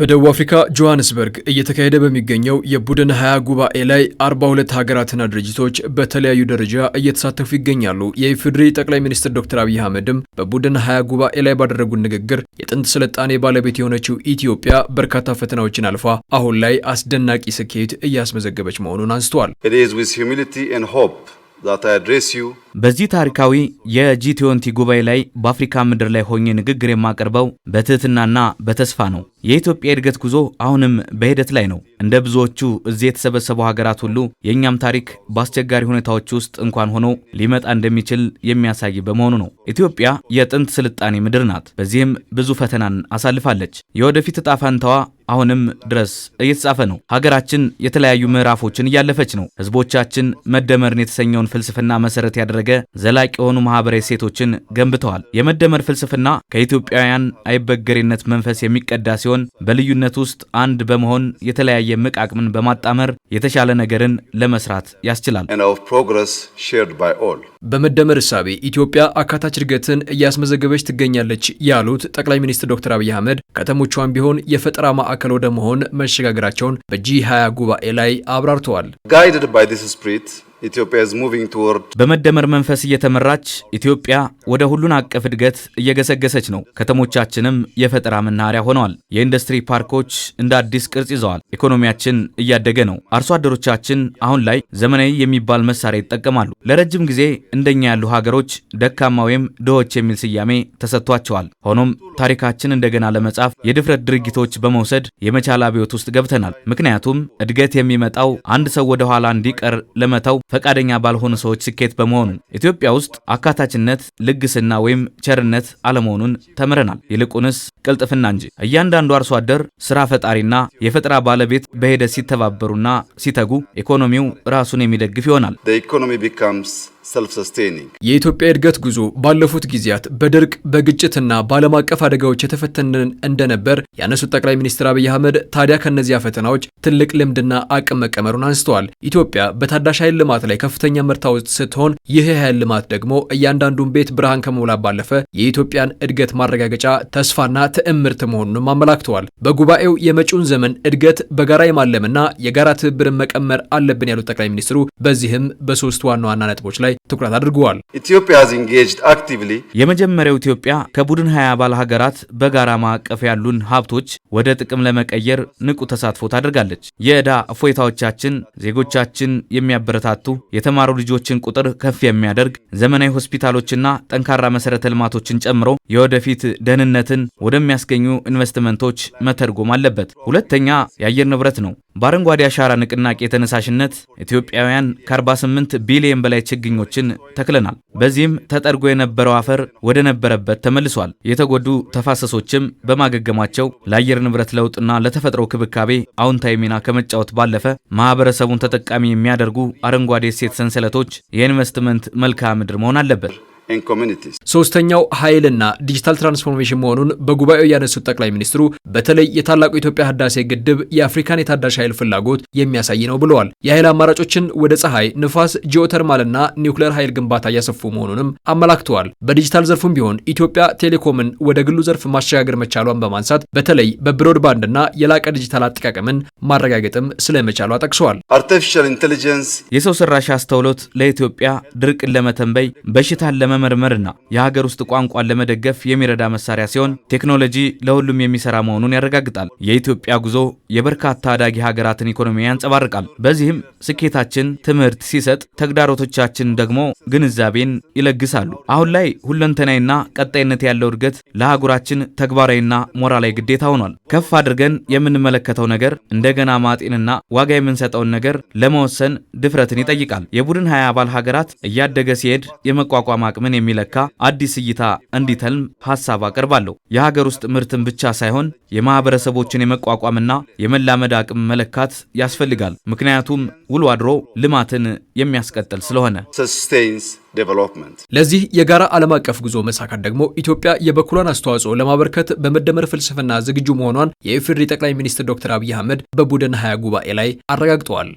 በደቡብ አፍሪካ ጆሃንስበርግ እየተካሄደ በሚገኘው የቡድን ሀያ ጉባኤ ላይ አርባ ሁለት ሀገራትና ድርጅቶች በተለያዩ ደረጃ እየተሳተፉ ይገኛሉ። የኢፌዴሪ ጠቅላይ ሚኒስትር ዶክተር አብይ አህመድም በቡድን ሀያ ጉባኤ ላይ ባደረጉት ንግግር የጥንት ስልጣኔ ባለቤት የሆነችው ኢትዮጵያ በርካታ ፈተናዎችን አልፋ አሁን ላይ አስደናቂ ስኬት እያስመዘገበች መሆኑን አንስተዋል። በዚህ ታሪካዊ የጂቲዮንቲ ጉባኤ ላይ በአፍሪካ ምድር ላይ ሆኜ ንግግር የማቀርበው በትህትናና በተስፋ ነው። የኢትዮጵያ የእድገት ጉዞ አሁንም በሂደት ላይ ነው። እንደ ብዙዎቹ እዚህ የተሰበሰቡ ሀገራት ሁሉ የእኛም ታሪክ በአስቸጋሪ ሁኔታዎች ውስጥ እንኳን ሆኖ ሊመጣ እንደሚችል የሚያሳይ በመሆኑ ነው። ኢትዮጵያ የጥንት ስልጣኔ ምድር ናት። በዚህም ብዙ ፈተናን አሳልፋለች። የወደፊት እጣ ፈንታዋ አሁንም ድረስ እየተጻፈ ነው። ሀገራችን የተለያዩ ምዕራፎችን እያለፈች ነው። ህዝቦቻችን መደመርን የተሰኘውን ፍልስፍና መሰረት ያደረገ ያደረገ ዘላቂ የሆኑ ማህበራዊ ሴቶችን ገንብተዋል። የመደመር ፍልስፍና ከኢትዮጵያውያን አይበገሬነት መንፈስ የሚቀዳ ሲሆን በልዩነት ውስጥ አንድ በመሆን የተለያየ ምቅ አቅምን በማጣመር የተሻለ ነገርን ለመስራት ያስችላል። በመደመር እሳቤ ኢትዮጵያ አካታች እድገትን እያስመዘገበች ትገኛለች ያሉት ጠቅላይ ሚኒስትር ዶክተር አብይ አህመድ ከተሞቿን ቢሆን የፈጠራ ማዕከል ወደ መሆን መሸጋገራቸውን በጂ 20 ጉባኤ ላይ አብራርተዋል። በመደመር መንፈስ እየተመራች ኢትዮጵያ ወደ ሁሉን አቀፍ እድገት እየገሰገሰች ነው። ከተሞቻችንም የፈጠራ መናኸሪያ ሆነዋል። የኢንዱስትሪ ፓርኮች እንደ አዲስ ቅርጽ ይዘዋል። ኢኮኖሚያችን እያደገ ነው። አርሶ አደሮቻችን አሁን ላይ ዘመናዊ የሚባል መሳሪያ ይጠቀማሉ። ለረጅም ጊዜ እንደኛ ያሉ ሀገሮች ደካማ ወይም ድሆች የሚል ስያሜ ተሰጥቷቸዋል። ሆኖም ታሪካችን እንደገና ለመጻፍ የድፍረት ድርጊቶች በመውሰድ የመቻል አብዮት ውስጥ ገብተናል። ምክንያቱም እድገት የሚመጣው አንድ ሰው ወደ ኋላ እንዲቀር ለመተው ፈቃደኛ ባልሆኑ ሰዎች ስኬት በመሆኑ ኢትዮጵያ ውስጥ አካታችነት፣ ልግስና ወይም ቸርነት አለመሆኑን ተምረናል። ይልቁንስ ቅልጥፍና እንጂ። እያንዳንዱ አርሶ አደር ስራ ፈጣሪና የፈጠራ ባለቤት በሂደት ሲተባበሩና ሲተጉ ኢኮኖሚው ራሱን የሚደግፍ ይሆናል። የኢትዮጵያ እድገት ጉዞ ባለፉት ጊዜያት በድርቅ በግጭትና በዓለም አቀፍ አደጋዎች የተፈተንን እንደነበር ያነሱት ጠቅላይ ሚኒስትር አብይ አህመድ ታዲያ ከእነዚያ ፈተናዎች ትልቅ ልምድና አቅም መቀመሩን አንስተዋል። ኢትዮጵያ በታዳሽ ኃይል ልማት ላይ ከፍተኛ ምርታ ውስጥ ስትሆን፣ ይህ የኃይል ልማት ደግሞ እያንዳንዱን ቤት ብርሃን ከመውላ ባለፈ የኢትዮጵያን እድገት ማረጋገጫ ተስፋና ትዕምርት መሆኑንም አመላክተዋል። በጉባኤው የመጪውን ዘመን እድገት በጋራ የማለምና የጋራ ትብብርን መቀመር አለብን ያሉት ጠቅላይ ሚኒስትሩ በዚህም በሶስት ዋና ዋና ነጥቦች ላይ ላይ ትኩረት አድርገዋል። የመጀመሪያው ኢትዮጵያ ከቡድን ሀያ አባል ሀገራት በጋራ ማዕቀፍ ያሉን ሀብቶች ወደ ጥቅም ለመቀየር ንቁ ተሳትፎ ታደርጋለች። የዕዳ እፎይታዎቻችን ዜጎቻችን የሚያበረታቱ የተማሩ ልጆችን ቁጥር ከፍ የሚያደርግ ዘመናዊ ሆስፒታሎችና ጠንካራ መሰረተ ልማቶችን ጨምሮ የወደፊት ደህንነትን ወደሚያስገኙ ኢንቨስትመንቶች መተርጎም አለበት። ሁለተኛ የአየር ንብረት ነው። በአረንጓዴ አሻራ ንቅናቄ ተነሳሽነት ኢትዮጵያውያን ከ48 ቢሊየን በላይ ችግኝ ችግኞችን ተክለናል። በዚህም ተጠርጎ የነበረው አፈር ወደ ነበረበት ተመልሷል። የተጎዱ ተፋሰሶችም በማገገማቸው ለአየር ንብረት ለውጥና ለተፈጥሮ ክብካቤ አውንታዊ ሚና ከመጫወት ባለፈ ማህበረሰቡን ተጠቃሚ የሚያደርጉ አረንጓዴ እሴት ሰንሰለቶች የኢንቨስትመንት መልክዓ ምድር መሆን አለበት። ሶስተኛው ኃይልና ዲጂታል ትራንስፎርሜሽን መሆኑን በጉባኤው ያነሱት ጠቅላይ ሚኒስትሩ በተለይ የታላቁ የኢትዮጵያ ህዳሴ ግድብ የአፍሪካን የታዳሽ ኃይል ፍላጎት የሚያሳይ ነው ብለዋል። የኃይል አማራጮችን ወደ ፀሐይ፣ ንፋስ፣ ጂኦተርማልና ኒውክሌር ኃይል ግንባታ እያሰፉ መሆኑንም አመላክተዋል። በዲጂታል ዘርፉም ቢሆን ኢትዮጵያ ቴሌኮምን ወደ ግሉ ዘርፍ ማሸጋገር መቻሏን በማንሳት በተለይ በብሮድባንድና የላቀ ዲጂታል አጠቃቀምን ማረጋገጥም ስለመቻሏ ጠቅሰዋል። አርቲፊሻል ኢንቴሊጀንስ የሰው ሰራሽ አስተውሎት ለኢትዮጵያ ድርቅን ለመተንበይ በሽታን ለመ ለመመርመርና የሀገር ውስጥ ቋንቋን ለመደገፍ የሚረዳ መሳሪያ ሲሆን ቴክኖሎጂ ለሁሉም የሚሰራ መሆኑን ያረጋግጣል። የኢትዮጵያ ጉዞ የበርካታ አዳጊ ሀገራትን ኢኮኖሚ ያንጸባርቃል። በዚህም ስኬታችን ትምህርት ሲሰጥ፣ ተግዳሮቶቻችን ደግሞ ግንዛቤን ይለግሳሉ። አሁን ላይ ሁለንተናይና ቀጣይነት ያለው እድገት ለአህጉራችን ተግባራዊና ሞራላዊ ግዴታ ሆኗል። ከፍ አድርገን የምንመለከተው ነገር እንደገና ማጤንና ዋጋ የምንሰጠውን ነገር ለመወሰን ድፍረትን ይጠይቃል። የቡድን ሀያ አባል ሀገራት እያደገ ሲሄድ የመቋቋም አቅምን አቅምን የሚለካ አዲስ እይታ እንዲተልም ሀሳብ አቀርባለሁ። የሀገር ውስጥ ምርትን ብቻ ሳይሆን የማህበረሰቦችን የመቋቋምና የመላመድ አቅም መለካት ያስፈልጋል። ምክንያቱም ውሎ አድሮ ልማትን የሚያስቀጥል ስለሆነ ለዚህ የጋራ ዓለም አቀፍ ጉዞ መሳካት ደግሞ ኢትዮጵያ የበኩሏን አስተዋጽኦ ለማበርከት በመደመር ፍልስፍና ዝግጁ መሆኗን የኢፌዴሪ ጠቅላይ ሚኒስትር ዶክተር አብይ አህመድ በቡድን ሀያ ጉባኤ ላይ አረጋግጠዋል።